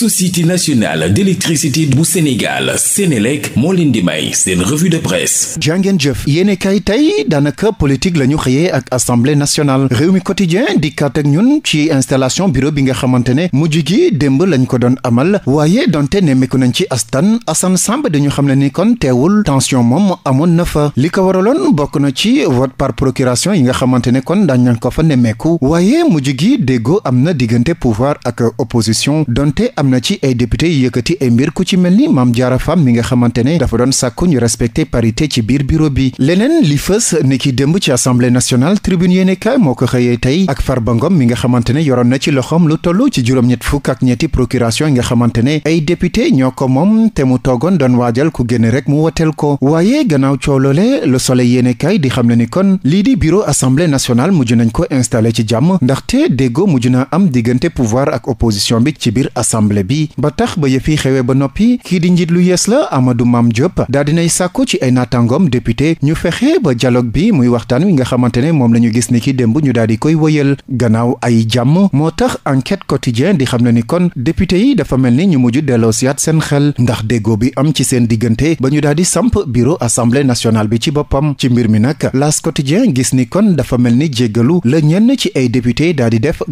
société nationale d'électricité bu Sénégal Sénélec moo leen di may seen revue de presse jàngeen jëf yéene kay tey daanaka politique la ñu xëyee ak assemblée nationale réew mi quotidien di kat ak ñun ci installation bureau bi nga xamante ne mujj gi démb lañ ko doon amal waaye donte nemmeeku nañ ci astan Assane Samb dañu xam ne ni kon teewul tension moom amoon na fa li ko waraloon bokk na ci vote par procuration yi nga xamante ne kon daañ nañ ko fa nemmeeku waaye mujj gi déggoo am na diggante pouvoir ak opposition donte am na ci ay député yu yëkkati ay mbir ku ci mel ni Mame Diarra Fam mi nga xamante ne dafa doon sàkku ñu respecté parité ci biir bureau bi leneen li fës ni ki démb ci assemblée nationale tribune yéene moo ko xëyee tey ak Farba Ngom mi nga xamante ne yoroon na ci loxoom lu toll ci juróom-ñett fukk ak ñetti procuration yi nga xamante ne ay député ñoo ko moom te mu toogoon doon waajal ku génne rek mu woteel ko waaye gannaaw cooloole Le Soleil yéene kaay di xam ne ni kon lii di bureau assemblée nationale mujj nañ ko installé ci jàmm ndaxte déggoo mujj naa am diggante pouvoir ak opposition bi ci biir assemblée xamle bi ba tax ba yëf yi xewee ba noppi kii di njiit lu yees la Amadou Mame Diop daal dinay sàkku ci ay naataangoom député ñu fexe ba dialogue bi muy waxtaan wi nga xamante ne moom la ñu gis ni ki démb ñu daal di koy wëyal gannaaw ay jàmm moo tax enquête quotidien di xam ne ni kon député yi dafa mel ni ñu mujj delloosiwaat seen xel ndax déggoo bi am ci seen diggante ba ñu daal di samp bureau assemblée nationale bi ci boppam ci mbir mi nag las quotidien gis ni kon dafa mel ni jéggalu la ñenn ci ay député daal di def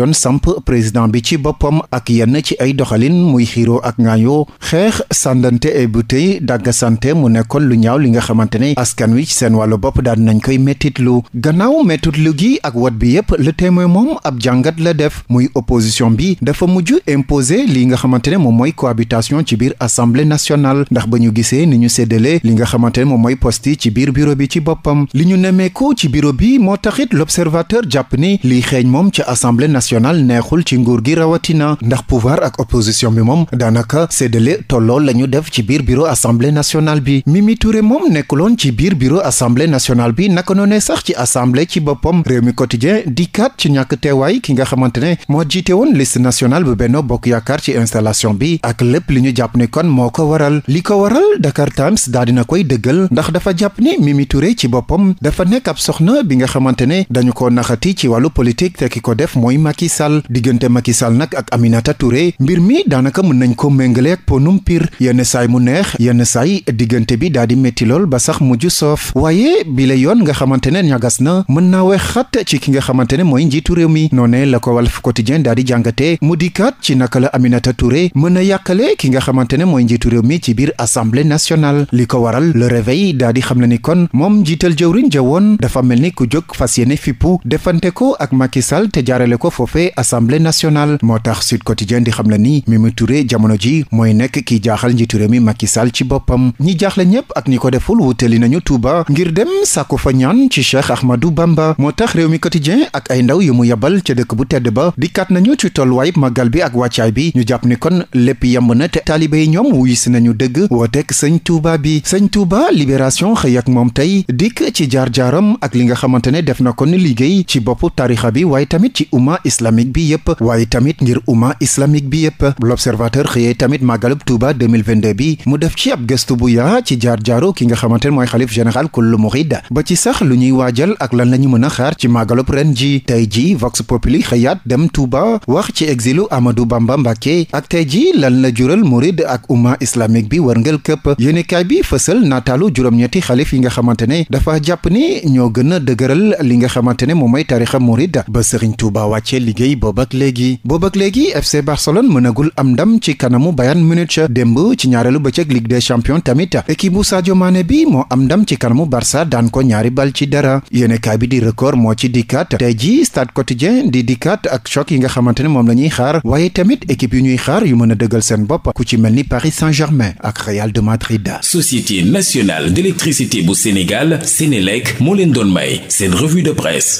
doon samp président bi ci boppam ak yenn ci ay doxalin muy xiiro ak ngaayo xeex sàndante ay butey dàgga sante mu nekkoon lu ñaaw li nga xamante ne askan wi ci seen wàllu bopp daan nañ koy mettitlu gannaaw mettitlu gi ak wat bi yépp le témoin moom ab jàngat la def muy opposition bi dafa mujj imposer li nga xamante ne moom mooy cohabitation ci biir assemblée national ndax ba ñu gisee ni ñu séddale li nga xamante ne moom mooy poste ci biir bureau bi ci boppam li ñu nemmeeku ci bureau bi moo taxit l'observateur jàpp ni liy xeeñ moom ci assemblée nationale nationale neexul ci nguur gi rawatina ndax pouvoir ak opposition bi moom daanaka séddale tolloo la ñu def ci biir bureau assemblée nationale bi Mimi Touré moom nekkuloon ci biir bureau assemblée nationale bi naka noonee sax ci assemblée ci boppam réew mi quotidien di kat ci ñàkk teewaay ki nga xamante ne moo jiite woon liste nationale bu benn Bokk Yaakaar ci installation bi ak lépp li ñu jàpp ni kon moo ko waral li ko waral Dakar Times daa dina koy dëggal ndax dafa jàpp ni Mimi ci boppam dafa nekk soxna bi nga xamante ne dañu ko naxati ci wàllu politique ki Macky Sall diggante Macky Sall nag ak Aminata Touré mbir mi daanaka mën nañ ko méngale ak ponum pir yenn saay mu neex yenn saay diggante bi daa di métti lool ba sax mujj soof waaye bi la yoon nga xamante ne ñagas na mën naa wex xat ci ki nga xamante ne mooy njiitu réew mi noone la ko Walf Quotidien daa di jàngatee di dikkaat ci naka la Aminata Touré mën na yàqale ki nga xamante ne mooy njiitu réew mi ci biir assemblée nationale li ko waral le réveil daa di xam ne ni kon moom njiital jëwriñ ja woon dafa mel ni ku jóg fas yéene fippu defante ko ak Macky Sall foofee assemblée nationale moo tax Sud Quotidien di xam na ni Mimi Touré jamono ji mooy nekk kiy jaaxal njiitu réew mi Macky saal ci boppam ñi jaaxle ñépp ak ñi ko deful li nañu Touba ngir dem sàkku fa ñaan ci Cheikh Ahmadou Bamba moo tax réew mi quotidien ak ay ndaw yu mu yabal ca dëkk bu tedd ba dikkaat nañu ci tolluwaayub màggal bi ak wàccaay bi ñu jàpp ni kon lépp yemb na te taalibe yi ñoom wuyu si nañu dëgg wooteeg sëñ Touba bi sëñ Touba libération xëy ak moom tey dikk ci jaar-jaaram ak li nga xamante ne def na kon liggéey ci bopp bi waaye tamit ci islamique bi yëpp waaye tamit ngir umma islamique bi yëpp l'observateur xëyee tamit màggalub Touba 2022 bi mu def ci ab gëstu bu yaa ci jaar jaaru ki nga xamante mooy xalif général kullu murid ba ci sax lu ñuy waajal ak lan la mën a xaar ci màggalub ren ji tey ji Vox Populi xëyaat dem Touba wax ci exilu Amadou Bamba Mbacké ak tey ji lan la jural murid ak umma islamique bi wërngël këpp yéenekaay bi fësal nataalu juróom-ñetti xalif yi nga xamante ne dafa jàpp ni ñoo a dëgëral li nga xamante ne moom liggéey boobak léegi boobak léegi FC Barcelone mënagul am ndam ci kanamu Bayern Munich démb ci ñaareelu bëccëg Ligue de champions tamit équipe bu Sadio maane bi moo am ndam ci kanamu Barça daan ko ñaari bal ci dara yéenekaay bi di record moo ci dikkaat tey ji stade quotidien di dikkat ak choc yi nga xamante ne moom la ñuy xaar waaye tamit équipe yu ñuy xaar yu mën a dëggal seen bopp ku ci mel ni Paris Saint-Germain ak Real de Madrid. Société nationale d'électricité bu Sénégal Sénélec moo leen doon may seen revue de presse.